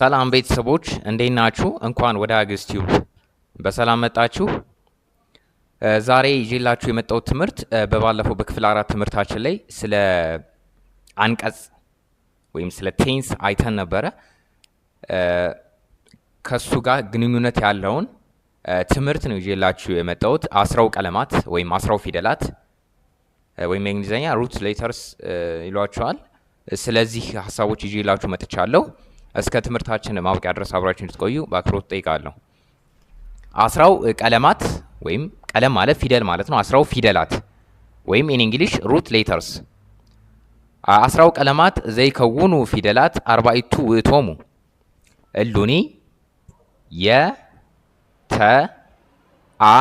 ሰላም ቤተሰቦች እንዴት ናችሁ? እንኳን ወደ አግስት በሰላም መጣችሁ። ዛሬ ይዤላችሁ የመጣው ትምህርት በባለፈው በክፍል አራት ትምህርታችን ላይ ስለ አንቀጽ ወይም ስለ ቴንስ አይተን ነበረ። ከሱ ጋር ግንኙነት ያለውን ትምህርት ነው ይዤላችሁ የመጣሁት። አስራው ቀለማት ወይም አስራው ፊደላት ወይም የእንግሊዝኛ ሩት ሌተርስ ይሏቸዋል። ስለዚህ ሀሳቦች ይዤላችሁ መጥቻለሁ። እስከ ትምህርታችን ማብቂያ ድረስ አብራችን ልትቆዩ በአክብሮት ጠይቃለሁ። አስራው ቀለማት ወይም ቀለም ማለት ፊደል ማለት ነው። አስራው ፊደላት ወይም ኢን እንግሊሽ ሩት ሌተርስ። አስራው ቀለማት ዘይከውኑ ፊደላት አርባይቱ ውእቶሙ እሉኒ የ ተ አ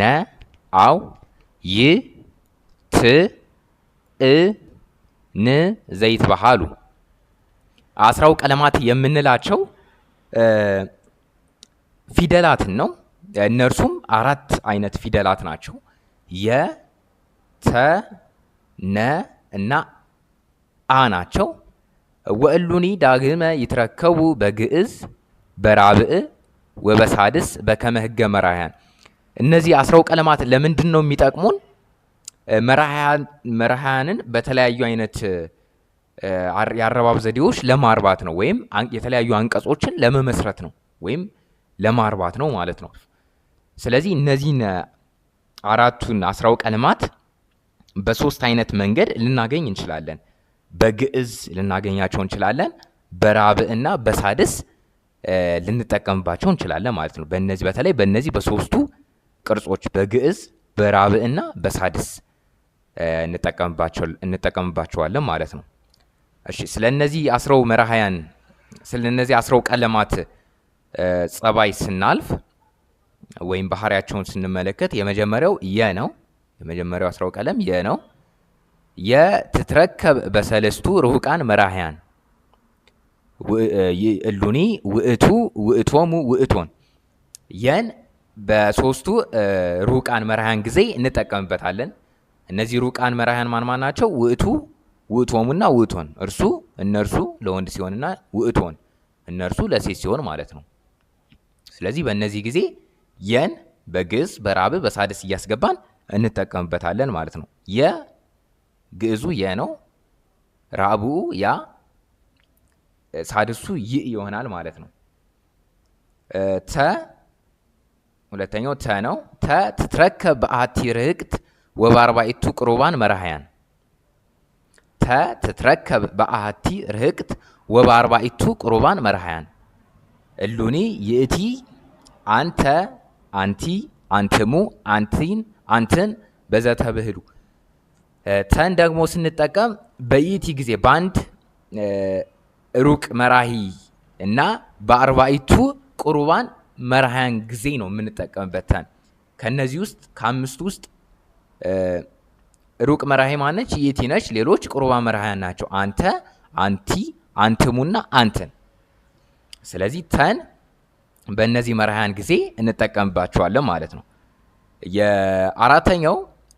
ነ አው ይ ት እ ን ዘይት ባሃሉ? አስራው ቀለማት የምንላቸው ፊደላትን ነው። እነርሱም አራት አይነት ፊደላት ናቸው። የ፣ ተ፣ ነ እና አ ናቸው። ወእሉኒ ዳግመ ይትረከቡ በግዕዝ በራብዕ ወበሳድስ በከመ ህገ እነዚህ አስራው ቀለማት ለምንድን ነው የሚጠቅሙን? መራሕያንን በተለያዩ አይነት የአረባብ ዘዴዎች ለማርባት ነው ወይም የተለያዩ አንቀጾችን ለመመስረት ነው ወይም ለማርባት ነው ማለት ነው። ስለዚህ እነዚህን አራቱን አስራው ቀለማት በሶስት አይነት መንገድ ልናገኝ እንችላለን። በግዕዝ ልናገኛቸው እንችላለን። በራብ እና በሳድስ ልንጠቀምባቸው እንችላለን ማለት ነው። በእነዚህ በተለይ በእነዚህ በሶስቱ ቅርጾች በግዕዝ በራብዕ እና በሳድስ እንጠቀምባቸዋለን ማለት ነው። እሺ ስለ እነዚህ አስረው መራሃያን ስለ እነዚህ አስረው ቀለማት ጸባይ ስናልፍ ወይም ባህሪያቸውን ስንመለከት የመጀመሪያው የ ነው። የመጀመሪያው አስረው ቀለም የ ነው። የትትረከብ በሰለስቱ ርሁቃን መራህያን እሉኒ ውእቱ ውእቶሙ ውእቶን የን በሶስቱ ሩቃን መራህያን ጊዜ እንጠቀምበታለን። እነዚህ ሩቃን መራህያን ማን ማን ናቸው? ውእቱ ውእቶሙና ውእቶን እርሱ እነርሱ ለወንድ ሲሆንና ውእቶን እነርሱ ለሴት ሲሆን ማለት ነው። ስለዚህ በእነዚህ ጊዜ የን በግዕዝ በራብ በሳድስ እያስገባን እንጠቀምበታለን ማለት ነው። የግዕዙ የ ነው። ራቡ ያ ሳድሱ ይ ይሆናል ማለት ነው። ተ ሁለተኛው ተ ነው። ተ ትትረከብ በአቲ ርህቅት ወባርባይቱ ቅሩባን መራህያን ተ ትትረከብ በአሃቲ ርህቅት ወበአርባኢቱ ቁሩባን መርሃያን እሉኒ ይእቲ አንተ አንቲ አንትሙ አንቲን አንትን በዘተብህሉ ተን ደግሞ ስንጠቀም በኢቲ ጊዜ በአንድ ሩቅ መራሂ እና በአርባኢቱ ቁሩባን መርሃያን ጊዜ ነው የምንጠቀምበት ተን ከነዚህ ውስጥ ከአምስቱ ውስጥ ሩቅ መራሄ ማነች? ይእቲ ነች። ሌሎች ቁርባ መራህያን ናቸው። አንተ፣ አንቲ፣ አንትሙና አንትን። ስለዚህ ተን በእነዚህ መራህያን ጊዜ እንጠቀምባቸዋለን ማለት ነው። የአራተኛው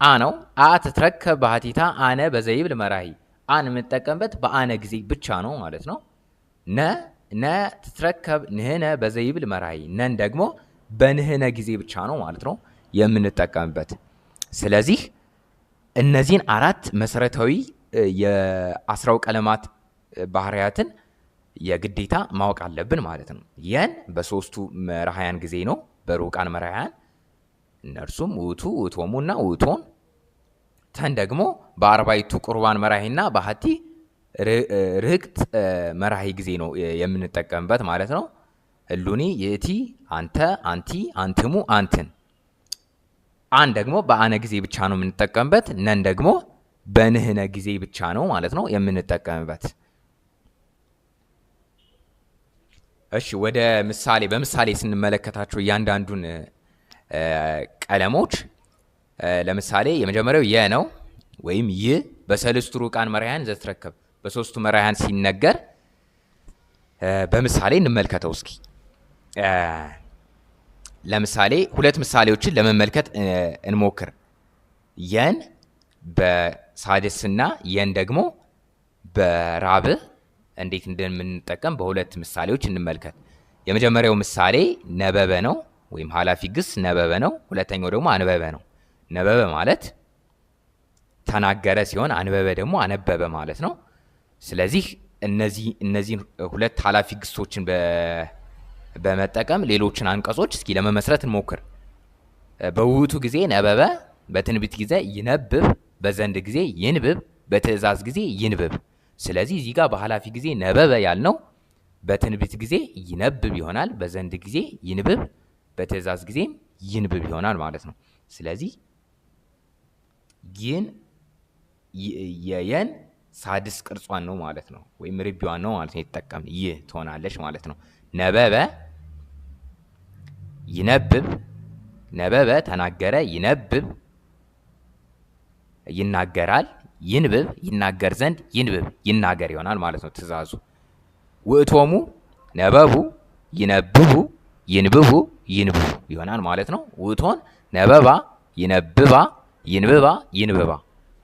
አ ነው። አ ትትረከብ ባህቲታ አነ በዘይብል መራሂ አን የምንጠቀምበት በአነ ጊዜ ብቻ ነው ማለት ነው። ነ ነ ትትረከብ ንህነ በዘይብል መራሂ ነን ደግሞ በንህነ ጊዜ ብቻ ነው ማለት ነው የምንጠቀምበት ስለዚህ እነዚህን አራት መሰረታዊ የአስራው ቀለማት ባህሪያትን የግዴታ ማወቅ አለብን ማለት ነው። ይህን በሶስቱ መራሕያን ጊዜ ነው በሩቃን መራሕያን እነርሱም ውቱ ውቶሙና ውቶን ተን ደግሞ በአርባይቱ ቁርባን መራሒና በሀቲ ርህቅት መራሒ ጊዜ ነው የምንጠቀምበት ማለት ነው። ህሉኒ፣ ይእቲ፣ አንተ፣ አንቲ፣ አንትሙ፣ አንትን አን ደግሞ በአነ ጊዜ ብቻ ነው የምንጠቀምበት። ነን ደግሞ በንህነ ጊዜ ብቻ ነው ማለት ነው የምንጠቀምበት። እሺ ወደ ምሳሌ በምሳሌ ስንመለከታቸው እያንዳንዱን ቀለሞች ለምሳሌ የመጀመሪያው የ ነው ወይም ይ በሰለስቱ ሩቃን መራሕያን ዘትረከብ በሶስቱ መራሕያን ሲነገር በምሳሌ እንመልከተው እስኪ ለምሳሌ ሁለት ምሳሌዎችን ለመመልከት እንሞክር። የን በሳድስና የን ደግሞ በራብ እንዴት እንደምንጠቀም በሁለት ምሳሌዎች እንመልከት። የመጀመሪያው ምሳሌ ነበበ ነው ወይም ኃላፊ ግስ ነበበ ነው። ሁለተኛው ደግሞ አንበበ ነው። ነበበ ማለት ተናገረ ሲሆን አንበበ ደግሞ አነበበ ማለት ነው። ስለዚህ እነዚህ እነዚህን ሁለት ኃላፊ ግሶችን በመጠቀም ሌሎችን አንቀጾች እስኪ ለመመስረት እንሞክር። በውቱ ጊዜ ነበበ፣ በትንቢት ጊዜ ይነብብ፣ በዘንድ ጊዜ ይንብብ፣ በትእዛዝ ጊዜ ይንብብ። ስለዚህ እዚህ ጋር በኃላፊ ጊዜ ነበበ ያልነው በትንቢት ጊዜ ይነብብ ይሆናል። በዘንድ ጊዜ ይንብብ፣ በትእዛዝ ጊዜም ይንብብ ይሆናል ማለት ነው። ስለዚህ ይን የየን ሳድስ ቅርጿን ነው ማለት ነው፣ ወይም ርቢዋን ነው ማለት ነው የተጠቀምን። ይህ ትሆናለች ማለት ነው ነበበ ይነብብ ነበበ ተናገረ ይነብብ ይናገራል ይንብብ ይናገር ዘንድ ይንብብ ይናገር ይሆናል ማለት ነው ትእዛዙ። ውእቶሙ ነበቡ ይነብቡ ይንብቡ ይንብቡ ይሆናል ማለት ነው። ውእቶን ነበባ ይነብባ ይንብባ ይንብባ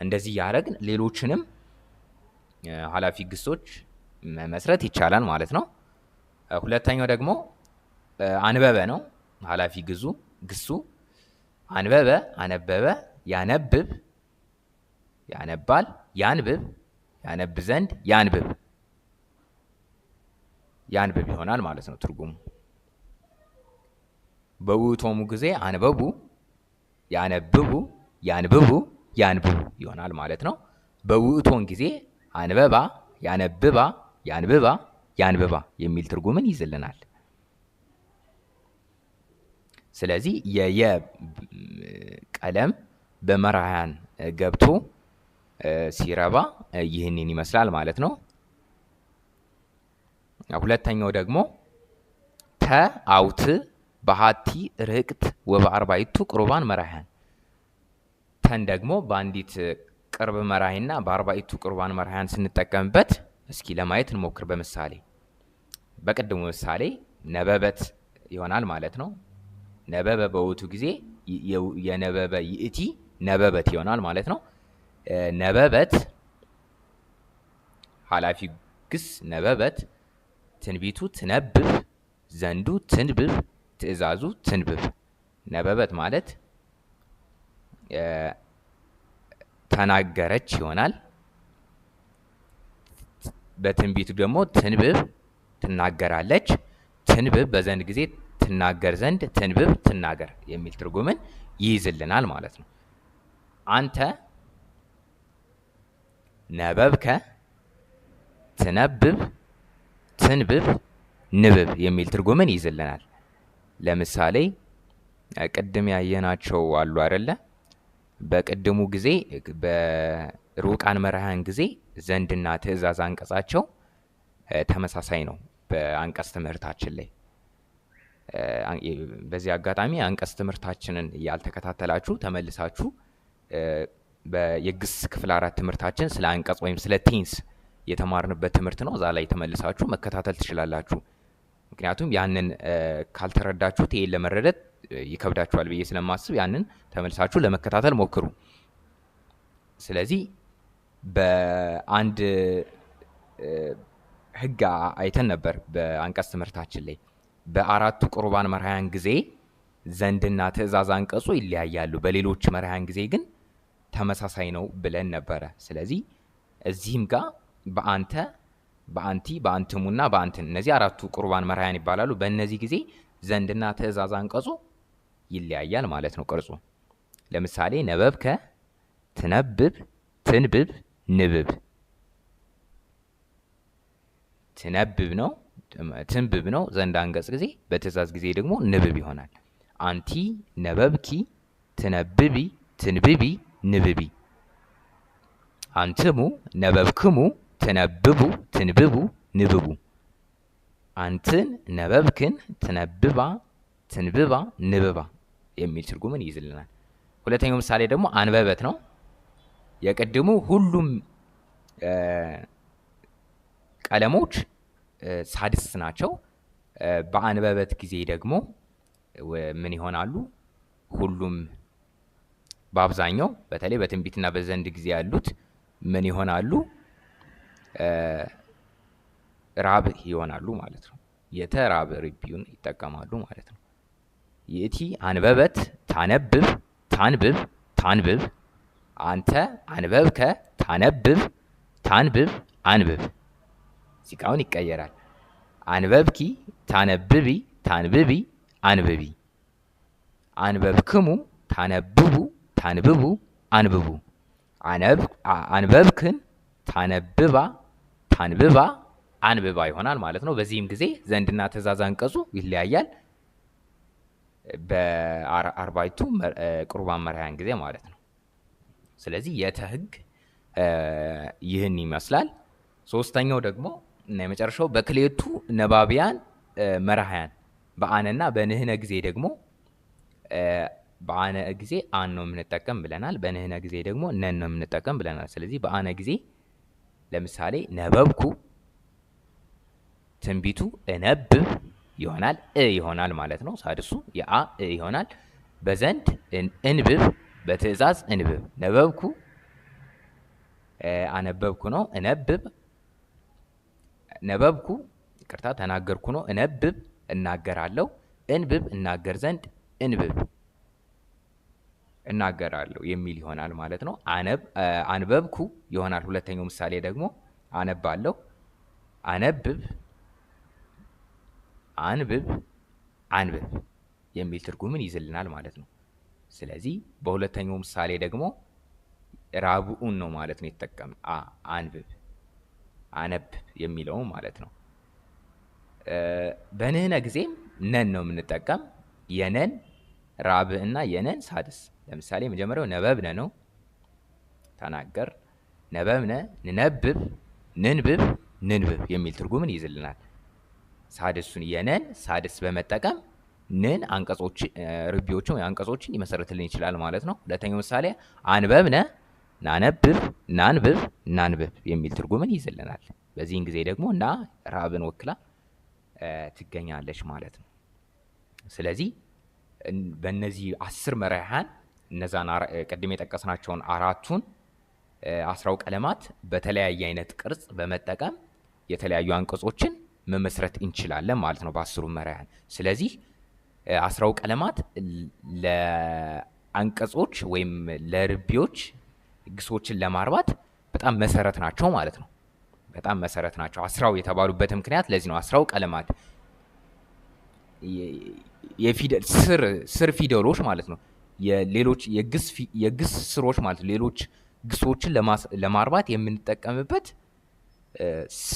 እንደዚህ ያደረግን ሌሎችንም ኃላፊ ግሶች መመስረት ይቻላል ማለት ነው። ሁለተኛው ደግሞ አንበበ ነው። ኃላፊ ግዙ ግሱ አንበበ አነበበ ያነብብ ያነባል ያንብብ ያነብ ዘንድ ያንብብ ያንብብ ይሆናል ማለት ነው ትርጉሙ። በውቶሙ ጊዜ አንበቡ ያነብቡ ያንብቡ ያንብቡ ይሆናል ማለት ነው። በውእቶን ጊዜ አንበባ ያነብባ ያንብባ ያንብባ የሚል ትርጉምን ይዝልናል። ስለዚህ የየ ቀለም በመራያን ገብቶ ሲረባ ይህንን ይመስላል ማለት ነው። ሁለተኛው ደግሞ ተ አውት በሀቲ ርቅት ወበአርባይቱ ቁርባን መራህያን ተን ደግሞ በአንዲት ቅርብ መራሂና በአርባይቱ ቁርባን መራህያን ስንጠቀምበት እስኪ ለማየት እንሞክር። በምሳሌ በቅድሙ ምሳሌ ነበበት ይሆናል ማለት ነው። ነበበ በውቱ ጊዜ የነበበ ይእቲ ነበበት ይሆናል ማለት ነው። ነበበት ኃላፊ ግስ ነበበት፣ ትንቢቱ ትነብብ፣ ዘንዱ ትንብብ፣ ትእዛዙ ትንብብ። ነበበት ማለት ተናገረች ይሆናል። በትንቢቱ ደግሞ ትንብብ ትናገራለች። ትንብብ በዘንድ ጊዜ ትናገር ዘንድ ትንብብ ትናገር የሚል ትርጉምን ይይዝልናል ማለት ነው። አንተ ነበብከ ትነብብ ትንብብ ንብብ የሚል ትርጉምን ይይዝልናል። ለምሳሌ ቅድም ያየናቸው አሉ አይደለ? በቅድሙ ጊዜ በሩቃን መርሃን ጊዜ ዘንድና ትእዛዝ አንቀጻቸው ተመሳሳይ ነው። በአንቀጽ ትምህርታችን ላይ በዚህ አጋጣሚ አንቀስ ትምህርታችንን ያልተከታተላችሁ ተመልሳችሁ የግስ ክፍል አራት ትምህርታችን ስለ አንቀጽ ወይም ስለ ቴንስ የተማርንበት ትምህርት ነው። እዛ ላይ ተመልሳችሁ መከታተል ትችላላችሁ። ምክንያቱም ያንን ካልተረዳችሁት ይህን ለመረዳት ይከብዳችኋል ብዬ ስለማስብ ያንን ተመልሳችሁ ለመከታተል ሞክሩ። ስለዚህ በአንድ ህግ አይተን ነበር በአንቀጽ ትምህርታችን ላይ በአራቱ ቁርባን መርሃያን ጊዜ ዘንድና ትእዛዝ አንቀጹ ይለያያሉ። በሌሎች መርሃያን ጊዜ ግን ተመሳሳይ ነው ብለን ነበረ። ስለዚህ እዚህም ጋር በአንተ በአንቲ በአንትሙና በአንትን እነዚህ አራቱ ቁርባን መርሃያን ይባላሉ። በእነዚህ ጊዜ ዘንድና ትእዛዝ አንቀጹ ይለያያል ማለት ነው። ቅርጹ ለምሳሌ ነበብከ፣ ትነብብ፣ ትንብብ፣ ንብብ፣ ትነብብ ነው ትንብብ ነው ዘንድ አንቀጽ ጊዜ በትእዛዝ ጊዜ ደግሞ ንብብ ይሆናል። አንቲ ነበብኪ ትነብቢ ትንብቢ ንብቢ አንትሙ ነበብክሙ ትነብቡ ትንብቡ ንብቡ አንትን ነበብክን ትነብባ ትንብባ ንብባ የሚል ትርጉምን ይይዝልናል። ሁለተኛው ምሳሌ ደግሞ አንበበት ነው። የቅድሙ ሁሉም ቀለሞች ሳድስት ናቸው። በአንበበት ጊዜ ደግሞ ምን ይሆናሉ? ሁሉም በአብዛኛው በተለይ በትንቢትና በዘንድ ጊዜ ያሉት ምን ይሆናሉ? ራብ ይሆናሉ ማለት ነው። የተራብ ሪቢዩን ይጠቀማሉ ማለት ነው። የቲ አንበበት ታነብብ ታንብብ ታንብብ አንተ አንበብከ ታነብብ ታንብብ አንብብ ሲቃውን ይቀየራል። አንበብኪ ታነብቢ ታንብቢ አንብቢ አንበብክሙ ታነብቡ ታንብቡ አንብቡ አንበብክን ታነብባ ታንብባ አንብባ ይሆናል ማለት ነው። በዚህም ጊዜ ዘንድና ትእዛዝ አንቀጹ ይለያያል። በአርባይቱ ቁርባን መርሃያን ጊዜ ማለት ነው። ስለዚህ የተ ህግ ይህን ይመስላል። ሶስተኛው ደግሞ እና የመጨረሻው በክሌቱ ነባቢያን መራህያን በአነና በንህነ ጊዜ ደግሞ በአነ ጊዜ አን ነው የምንጠቀም ብለናል። በንህነ ጊዜ ደግሞ ነን ነው የምንጠቀም ብለናል። ስለዚህ በአነ ጊዜ ለምሳሌ ነበብኩ ትንቢቱ እነብብ ይሆናል እ ይሆናል ማለት ነው። ሳድሱ የአ እ ይሆናል። በዘንድ እንብብ በትእዛዝ እንብብ ነበብኩ አነበብኩ ነው እነብብ ነበብኩ ይቅርታ ተናገርኩ ነው። እነብብ እናገራለሁ፣ እንብብ እናገር ዘንድ እንብብ እናገራለሁ የሚል ይሆናል ማለት ነው። አንበብኩ ይሆናል። ሁለተኛው ምሳሌ ደግሞ አነባለሁ፣ አነብብ፣ አንብብ፣ አንብብ የሚል ትርጉምን ይዝልናል ማለት ነው። ስለዚህ በሁለተኛው ምሳሌ ደግሞ ራቡኡን ነው ማለት ነው የተጠቀም አንብብ አነብ የሚለው ማለት ነው። በንህነ ጊዜም ነን ነው የምንጠቀም። የነን ራብ እና የነን ሳድስ። ለምሳሌ የመጀመሪያው ነበብነ ነው፣ ተናገር። ነበብነ፣ ንነብብ፣ ንንብብ፣ ንንብብ የሚል ትርጉምን ይይዝልናል። ሳድሱን የነን ሳድስ በመጠቀም ንን አንቀጾች ርቢዎችን ወይ አንቀጾችን ሊመሰረትልን ይችላል ማለት ነው። ሁለተኛው ምሳሌ አንበብነ ናነብብ ናንብብ ናንብብ የሚል ትርጉምን ይዝልናል። በዚህን ጊዜ ደግሞ ና ራብን ወክላ ትገኛለች ማለት ነው። ስለዚህ በእነዚህ አስር መራሕያን እነዛን ቅድም የጠቀስናቸውን አራቱን አስራው ቀለማት በተለያየ አይነት ቅርጽ በመጠቀም የተለያዩ አንቀጾችን መመስረት እንችላለን ማለት ነው በአስሩ መራሕያን። ስለዚህ አስራው ቀለማት ለአንቀጾች ወይም ለርቢዎች። ግሶችን ለማርባት በጣም መሰረት ናቸው ማለት ነው። በጣም መሰረት ናቸው። አስራው የተባሉበት ምክንያት ለዚህ ነው። አስራው ቀለማት የፊደል ስር ስር ፊደሎች ማለት ነው። የሌሎች የግስ ስሮች ማለት ነው። ሌሎች ግሶችን ለማርባት የምንጠቀምበት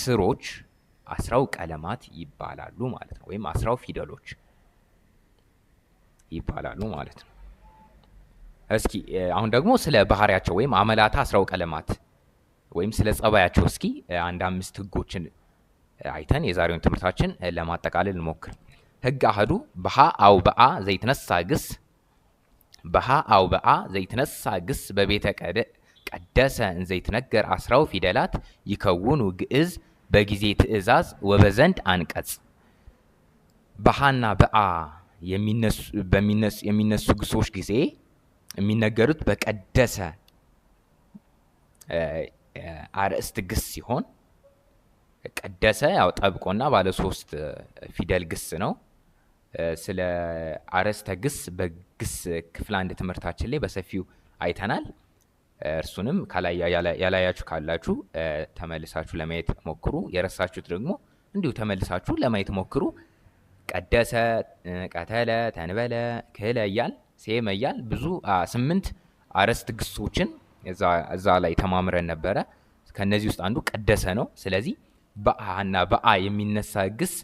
ስሮች አስራው ቀለማት ይባላሉ ማለት ነው። ወይም አስራው ፊደሎች ይባላሉ ማለት ነው። እስኪ አሁን ደግሞ ስለ ባህሪያቸው ወይም አመላታ አስራው ቀለማት ወይም ስለ ጸባያቸው እስኪ አንድ አምስት ህጎችን አይተን የዛሬውን ትምህርታችን ለማጠቃለል እንሞክር። ህግ አህዱ በሀ አው በአ ዘይትነሳ ግስ በሀ አው በአ ዘይትነሳ ግስ በቤተ ቀደሰ እንዘይትነገር አስራው ፊደላት ይከውኑ ግዕዝ በጊዜ ትእዛዝ ወበዘንድ አንቀጽ በሀና በአ የሚነሱ ግሶች ጊዜ የሚነገሩት በቀደሰ አርእስት ግስ ሲሆን ቀደሰ ያው ጠብቆና ባለ ሶስት ፊደል ግስ ነው። ስለ አርእስተ ግስ በግስ ክፍል አንድ ትምህርታችን ላይ በሰፊው አይተናል። እርሱንም ያላያችሁ ካላችሁ ተመልሳችሁ ለማየት ሞክሩ። የረሳችሁት ደግሞ እንዲሁ ተመልሳችሁ ለማየት ሞክሩ። ቀደሰ፣ ቀተለ፣ ተንበለ፣ ክህለ እያል ሴመያል ብዙ ስምንት አረስት ግሶችን እዛ ላይ ተማምረን ነበረ። ከነዚህ ውስጥ አንዱ ቀደሰ ነው። ስለዚህ በአ እና በአ የሚነሳ ግስ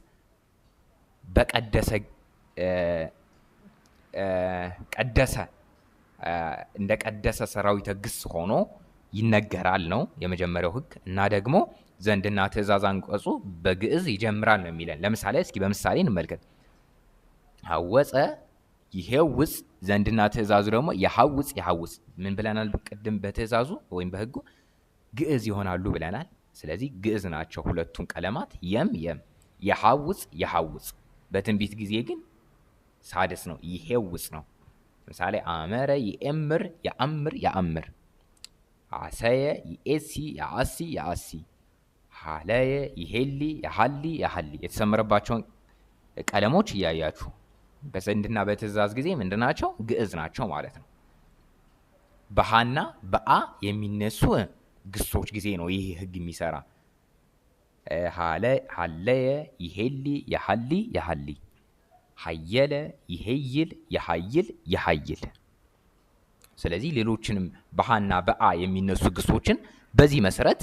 በቀደሰ ቀደሰ እንደ ቀደሰ ሰራዊተ ግስ ሆኖ ይነገራል ነው የመጀመሪያው ህግ። እና ደግሞ ዘንድና ትእዛዝ አንቀጹ በግዕዝ ይጀምራል ነው የሚለን። ለምሳሌ እስኪ በምሳሌ እንመልከት። አወፀ ይሄውፅ ዘንድና ትእዛዙ ደግሞ የሐውፅ የሐውፅ ምን ብለናል? ቅድም በትእዛዙ ወይም በህጉ ግዕዝ ይሆናሉ ብለናል። ስለዚህ ግዕዝ ናቸው ሁለቱን ቀለማት የም የም የሐውፅ የሐውፅ። በትንቢት ጊዜ ግን ሳድስ ነው፣ ይሄውፅ ነው። ምሳሌ አመረ የእምር የአምር የአምር አሰየ የኤሲ የአሲ የአሲ ሀለየ ይሄሊ የሀሊ የሀሊ የተሰመረባቸውን ቀለሞች እያያችሁ በሰንድና በትእዛዝ ጊዜ ምንድ ናቸው? ግዕዝ ናቸው ማለት ነው። በሀና በአ የሚነሱ ግሶች ጊዜ ነው ይህ ህግ የሚሰራ ሀለየ ይሄሊ የሀሊ ያሀሊ ሀየለ ይሄይል ያሀይል ያሀይል። ስለዚህ ሌሎችንም በሀና በአ የሚነሱ ግሶችን በዚህ መሰረት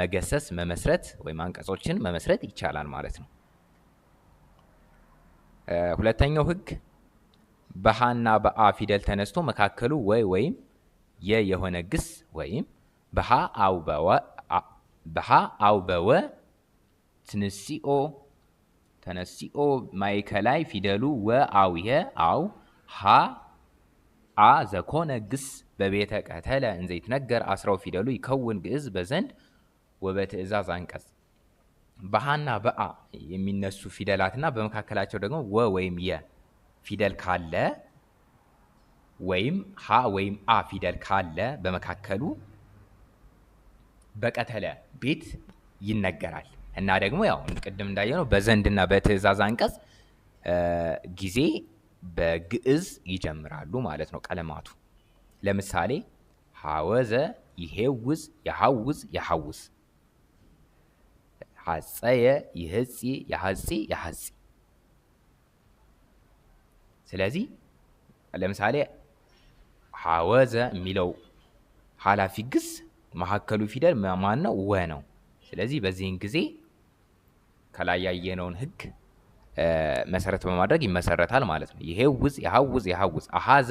መገሰስ መመስረት ወይም አንቀጾችን መመስረት ይቻላል ማለት ነው። ሁለተኛው ህግ በሀና በአ ፊደል ተነስቶ መካከሉ ወይ ወይም የ የሆነ ግስ ወይም በሀ አው በወ ትንሲኦ ተነሲኦ ማይከላይ ፊደሉ ወ አውየ አው ሀ አ ዘኮነ ግስ በቤተ ቀተለ እንዘይትነገር አስራው ፊደሉ ይከውን ግእዝ በዘንድ ወበትእዛዝ አንቀጽ በሀና በአ የሚነሱ ፊደላትና በመካከላቸው ደግሞ ወ ወይም የ ፊደል ካለ ወይም ሀ ወይም አ ፊደል ካለ በመካከሉ በቀተለ ቤት ይነገራል እና ደግሞ ያው ቅድም እንዳየነው በዘንድና በትዕዛዝ አንቀጽ ጊዜ በግዕዝ ይጀምራሉ ማለት ነው ቀለማቱ። ለምሳሌ ሀወዘ ይሄውዝ፣ የሀውዝ፣ የሀውዝ ሐፀየ ይህፂ ያሐፂ ያሐፂ። ስለዚህ ለምሳሌ ሐወዘ የሚለው ሐላፊ ግስ መሀከሉ ፊደል ማን ነው? ወ ነው። ስለዚህ በዚህን ጊዜ ከላይ ያየነውን ህግ መሰረት በማድረግ ይመሰረታል ማለት ነው። ይሄውዝ የሐውዝ የሐውዝ አሐዘ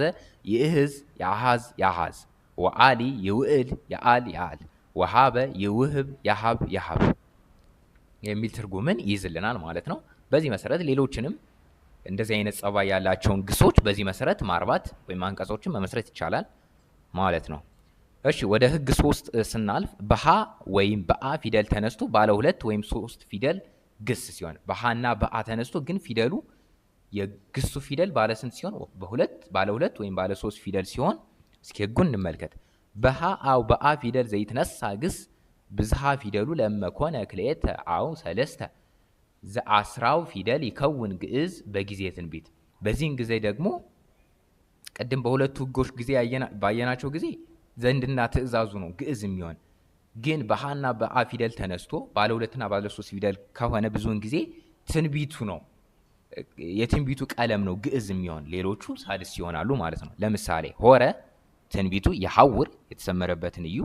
ይእህዝ ያሐዝ ያሐዝ፣ ወአሊ ይውዕል የአል የአል ወሃበ ይውህብ ያሐብ ያሐብ። የሚል ትርጉምን ይይዝልናል ማለት ነው። በዚህ መሰረት ሌሎችንም እንደዚህ አይነት ጸባይ ያላቸውን ግሶች በዚህ መሰረት ማርባት ወይም አንቀጾችን መመስረት ይቻላል ማለት ነው። እሺ ወደ ህግ ሶስት ስናልፍ በሀ ወይም በአ ፊደል ተነስቶ ባለ ሁለት ወይም ሶስት ፊደል ግስ ሲሆን በሀና በአ ተነስቶ ግን ፊደሉ የግሱ ፊደል ባለ ስንት ሲሆን በሁለት ባለ ሁለት ወይም ባለ ሶስት ፊደል ሲሆን እስኪ ህጉን እንመልከት። በሀ አው በአ ፊደል ዘይትነሳ ግስ ብዝሃ ፊደሉ ለመኮነ ክልኤተ አው ሰለስተ ዘአስራው ፊደል ይከውን ግዕዝ በጊዜ ትንቢት። በዚህን ጊዜ ደግሞ ቅድም በሁለቱ ሕጎች ጊዜ ባየናቸው ጊዜ ዘንድና ትእዛዙ ነው ግዕዝ የሚሆን ግን በሀና በአ ፊደል ተነስቶ ባለ ሁለትና ባለ ሶስት ፊደል ከሆነ ብዙውን ጊዜ ትንቢቱ ነው የትንቢቱ ቀለም ነው ግዕዝ የሚሆን ሌሎቹ ሳድስ ይሆናሉ ማለት ነው። ለምሳሌ ሆረ ትንቢቱ የሐውር የተሰመረበትን እዩ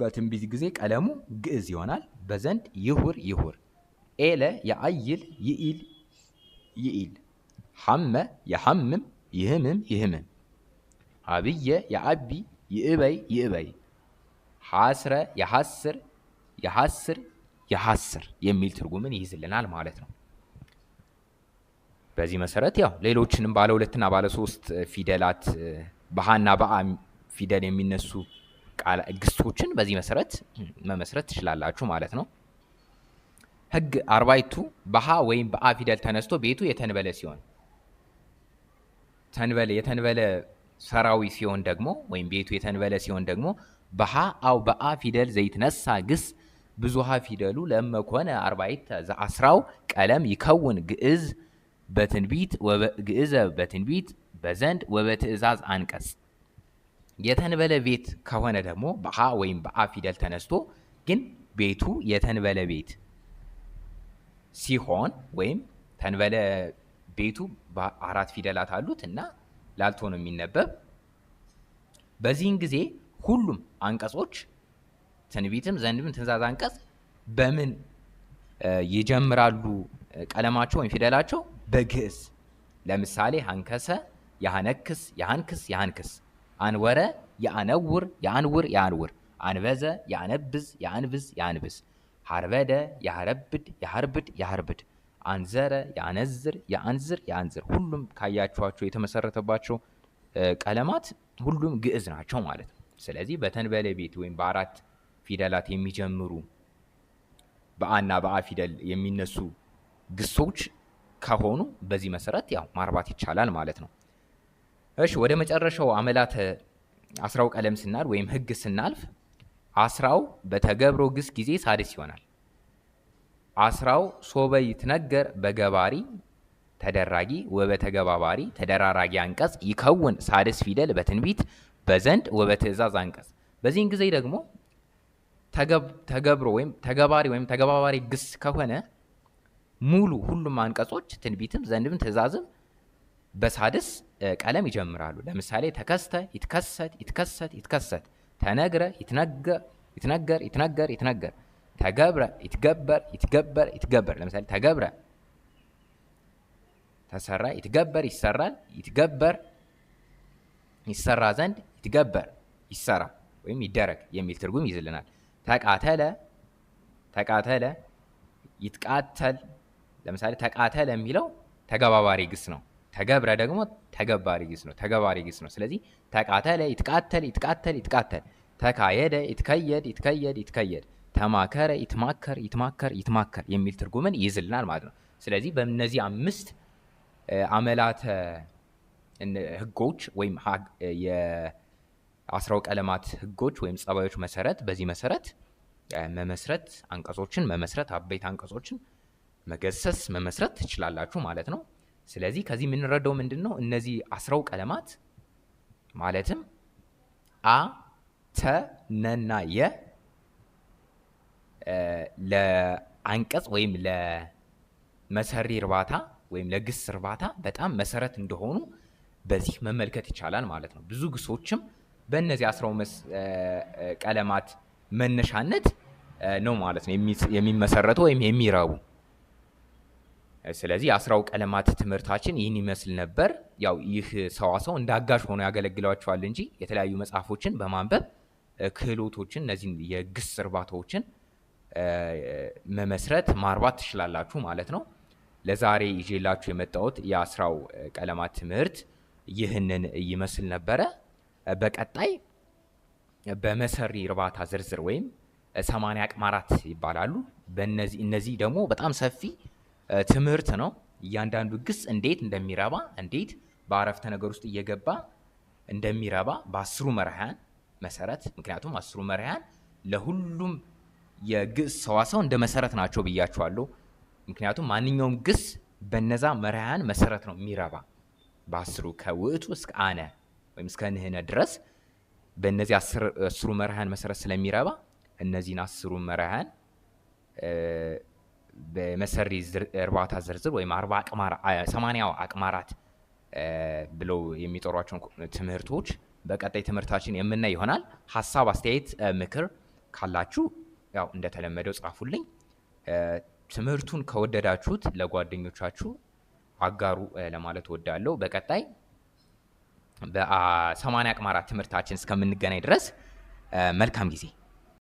በትንቢት ጊዜ ቀለሙ ግዕዝ ይሆናል። በዘንድ ይሁር ይሁር። ኤለ የአይል ይኢል ይኢል። ሐመ የሐምም ይህምም ይህምም። አብየ የአቢ ይእበይ ይእበይ። ሐስረ የሐስር የሐስር የሐስር የሚል ትርጉምን ይይዝልናል ማለት ነው። በዚህ መሰረት ያው ሌሎችንም ባለ ሁለትና ባለ ሶስት ፊደላት በሀና በአ ፊደል የሚነሱ ግስቶችን በዚህ መሰረት መመስረት ትችላላችሁ ማለት ነው። ህግ አርባይቱ በሀ ወይም በአ ፊደል ተነስቶ ቤቱ የተንበለ ሲሆን ተንበለ የተንበለ ሰራዊ ሲሆን ደግሞ ወይም ቤቱ የተንበለ ሲሆን ደግሞ በሀ አው በአ ፊደል ዘይትነሳ ግስ ብዙሃ ፊደሉ ለመኮነ አርባይት ዘአስራው ቀለም ይከውን ግዕዝ በትንቢት ወበግዕዘ በትንቢት በዘንድ ወበትእዛዝ አንቀጽ የተንበለ ቤት ከሆነ ደግሞ በሀ ወይም በአ ፊደል ተነስቶ ግን ቤቱ የተንበለ ቤት ሲሆን ወይም ተንበለ ቤቱ አራት ፊደላት አሉት እና ላልቶ ነው የሚነበብ። በዚህን ጊዜ ሁሉም አንቀጾች ትንቢትም፣ ዘንድም፣ ትንዛዝ አንቀጽ በምን ይጀምራሉ? ቀለማቸው ወይም ፊደላቸው በግዕዝ ለምሳሌ ሀንከሰ፣ ያሀነክስ፣ ያሀንክስ፣ ያሀንክስ አንወረ የአነውር የአንውር የአንውር አንበዘ የአነብዝ የአንብዝ የአንብዝ ሀርበደ የሀረብድ የሀርብድ የሀርብድ አንዘረ የአነዝር የአንዝር የአንዝር ሁሉም ካያችኋቸው የተመሰረተባቸው ቀለማት ሁሉም ግዕዝ ናቸው ማለት ነው። ስለዚህ በተንበለ ቤት ወይም በአራት ፊደላት የሚጀምሩ በአና በአ ፊደል የሚነሱ ግሶች ከሆኑ በዚህ መሰረት ያው ማርባት ይቻላል ማለት ነው። እሺ ወደ መጨረሻው አመላተ አስራው ቀለም ስናል ወይም ህግ ስናልፍ አስራው በተገብሮ ግስ ጊዜ ሳድስ ይሆናል። አስራው ሶበ ይትነገር በገባሪ ተደራጊ ወበተገባባሪ ተደራራጊ አንቀጽ ይከውን ሳድስ ፊደል በትንቢት በዘንድ ወበትእዛዝ አንቀጽ። በዚህን ጊዜ ደግሞ ተገብሮ ወይም ተገባሪ ወይም ተገባባሪ ግስ ከሆነ ሙሉ ሁሉም አንቀጾች ትንቢትም ዘንድም ትእዛዝም በሳድስ ቀለም ይጀምራሉ። ለምሳሌ ተከስተ፣ ይትከሰት፣ ይትከሰት፣ ይትከሰት፣ ተነግረ፣ ይትነገር፣ ይትነገር፣ ይትነገር፣ ተገብረ፣ ይትገበር፣ ይትገበር፣ ይትገበር። ለምሳሌ ተገብረ ተሰራ፣ ይትገበር ይሰራል፣ ይትገበር ይሰራ ዘንድ፣ ይትገበር ይሰራ ወይም ይደረግ የሚል ትርጉም ይዝልናል። ተቃተለ ተቃተለ ይትቃተል። ለምሳሌ ተቃተለ የሚለው ተገባባሪ ግስ ነው። ተገብረ ደግሞ ተገባሪ ግስ ነው፣ ተገባሪ ግስ ነው። ስለዚህ ተቃተለ ይትቃተል፣ ይትቃተል፣ ይትቃተል፣ ተካየደ ይትከየድ፣ ይትከየድ፣ ይትከየድ፣ ተማከረ ይትማከር፣ ይትማከር፣ ይትማከር የሚል ትርጉምን ይይዝልናል ማለት ነው። ስለዚህ በእነዚህ አምስት አመላተ ህጎች ወይም የአስራው ቀለማት ህጎች ወይም ጸባዮች መሰረት በዚህ መሰረት መመስረት አንቀጾችን መመስረት አበይት አንቀጾችን መገሰስ መመስረት ትችላላችሁ ማለት ነው። ስለዚህ ከዚህ የምንረዳው ምንድን ነው? እነዚህ አስረው ቀለማት ማለትም አ ተ ነና የ ለአንቀጽ ወይም ለመሰሪ እርባታ ወይም ለግስ እርባታ በጣም መሰረት እንደሆኑ በዚህ መመልከት ይቻላል ማለት ነው። ብዙ ግሶችም በእነዚህ አስራው ቀለማት መነሻነት ነው ማለት ነው የሚመሰረቱ ወይም የሚረቡ ስለዚህ የአስራው ቀለማት ትምህርታችን ይህን ይመስል ነበር። ያው ይህ ሰዋሰው እንደ ሆኖ ያገለግላቸዋል እንጂ የተለያዩ መጽሐፎችን በማንበብ ክህሎቶችን እነዚህን የግስ እርባታዎችን መመስረት ማርባት ትችላላችሁ ማለት ነው። ለዛሬ ይዤላችሁ የመጣሁት የአስራው ቀለማት ትምህርት ይህንን ይመስል ነበረ። በቀጣይ በመሰሪ እርባታ ዝርዝር ወይም ሰማንያ አቅማራት ይባላሉ። በእነዚህ እነዚህ ደግሞ በጣም ሰፊ ትምህርት ነው። እያንዳንዱ ግስ እንዴት እንደሚረባ እንዴት በአረፍተ ነገር ውስጥ እየገባ እንደሚረባ በአስሩ መርሃያን መሰረት ምክንያቱም አስሩ መርሃያን ለሁሉም የግስ ሰዋሰው እንደ መሰረት ናቸው ብያቸዋለሁ። ምክንያቱም ማንኛውም ግስ በነዛ መርሃያን መሰረት ነው የሚረባ በአስሩ ከውእቱ እስከ አነ ወይም እስከ ንህነ ድረስ በእነዚህ አስሩ መርሃያን መሰረት ስለሚረባ እነዚህን አስሩ መርሃያን በመሰሪ እርባታ ዝርዝር ወይም ሰማንያው አቅማራት ብለው የሚጠሯቸውን ትምህርቶች በቀጣይ ትምህርታችን የምናይ ይሆናል። ሀሳብ፣ አስተያየት፣ ምክር ካላችሁ ያው እንደተለመደው ጻፉልኝ። ትምህርቱን ከወደዳችሁት ለጓደኞቻችሁ አጋሩ ለማለት ወዳለሁ። በቀጣይ በሰማንያ አቅማራት ትምህርታችን እስከምንገናኝ ድረስ መልካም ጊዜ